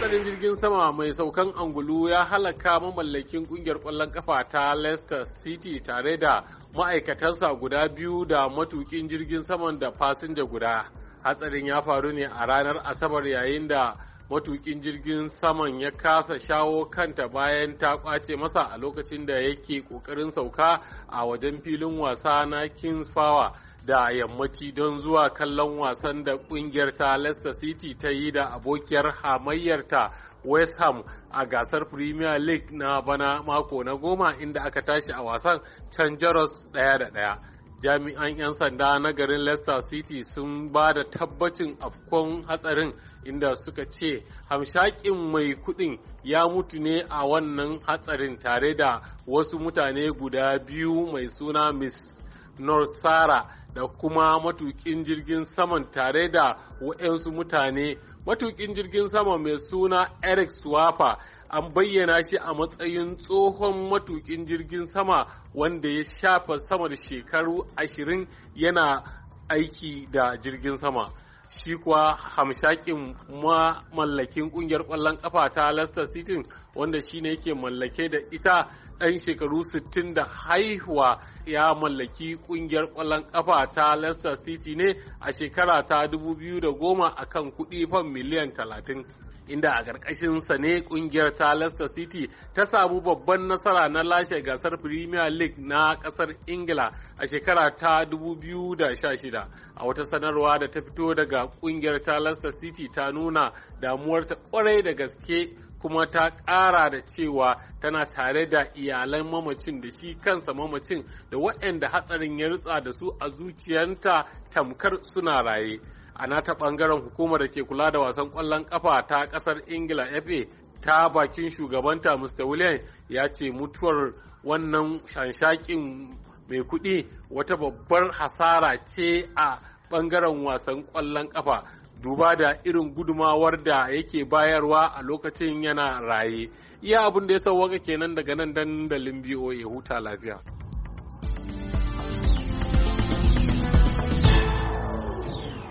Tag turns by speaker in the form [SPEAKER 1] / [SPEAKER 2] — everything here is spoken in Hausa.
[SPEAKER 1] Hatsarin jirgin sama mai saukan angulu ya halaka mamallakin kungiyar kwallon kafa ta Leicester City tare da ma'aikatansa guda biyu da matukin jirgin saman da fasinja guda. Hatsarin ya faru ne a ranar Asabar yayin da matukin jirgin saman ya kasa shawo kanta bayan ta kwace masa a lokacin da yake kokarin sauka a wajen filin wasa na Kings Power. da yammaci don zuwa kallon wasan da kungiyar ta Leicester City ta yi da abokiyar hamayyarta West Ham a gasar Premier League na bana mako na goma inda aka tashi a wasan can Jaros ɗaya da ɗaya. Jami'an 'yan sanda na garin Leicester City sun ba da tabbacin afkon hatsarin inda suka ce hamshakin mai kudin ya mutu ne a wannan hatsarin tare da wasu mutane guda biyu mai suna Miss north sara da kuma matukin jirgin saman tare da waɗansu mutane matukin jirgin sama mai suna eric swapa an bayyana shi a matsayin tsohon matukin jirgin sama wanda ya shafa sama da shekaru ashirin yana aiki da jirgin sama shi kuwa hamshakin ma mallakin kungiyar kwallon kafa ta Leicester City wanda shi ne yake mallake da ita ɗan shekaru 60 da haihuwa ya mallaki kungiyar kwallon kafa ta Leicester City ne a shekara ta 2010 akan kuɗi fan miliyan 30. inda a ƙarƙashin sa ne ƙungiyar ta Leicester City ta samu babban nasara na lashe gasar Premier League na ƙasar Ingila a shekara ta 2016. A wata sanarwa da ta fito daga ƙungiyar ta Leicester City ta nuna damuwarta kwarai da gaske kuma ta ƙara da cewa tana tare da iyalan mamacin da shi kansa mamacin da waɗanda hatsarin ya rutsa da su a zuciyanta tamkar suna raye. a nata bangaren hukumar da ke kula da wasan kwallon kafa ta kasar ingila fa ta bakin shugabanta mr william ya ce mutuwar wannan shanshakin mai kudi wata babbar hasara ce a bangaren wasan kwallon kafa duba da irin gudumawar da yake bayarwa a lokacin yana raye iya abin da ya sauwaka kenan daga nan dandalin boa huta lafiya